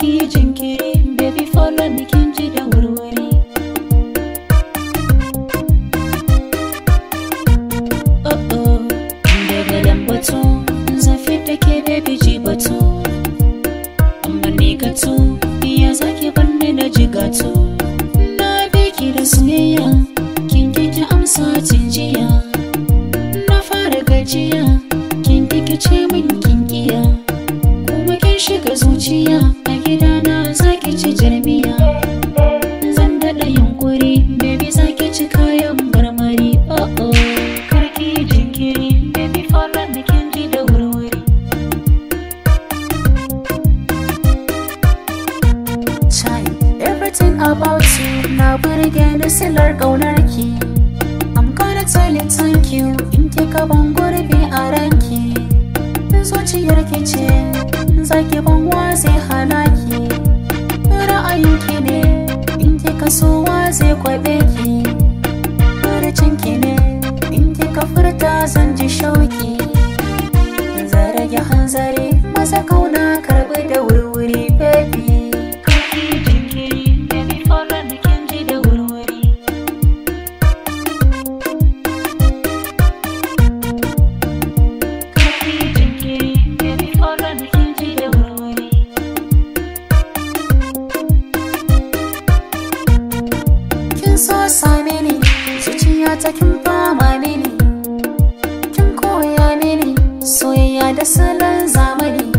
ki jinkiri baby follow ni ji da wurwuri oh oh daga lambatu zafi da ke baby ji batu amma ni gatu iya zaki banne na ji gatu na bi ki da soyayya kin ki ki amsa cin jiya na fara gajiya kin ki ce min kin giya kuma kin shiga zuciya everything about you Na again ni silar gonna key I'm gonna tell you thank you In go ban gurbi a ranki Zuciyar ki ce Zaki ban was zai hana ki are you ne In kika so wa zai kwaɓe ki Furucin ki ne In kika furta zan ji shauki zarage hanzari masa kauna karɓi da uri baby so same ni zuciya ta kin fama mini kin koya mini soyayya da salon zamani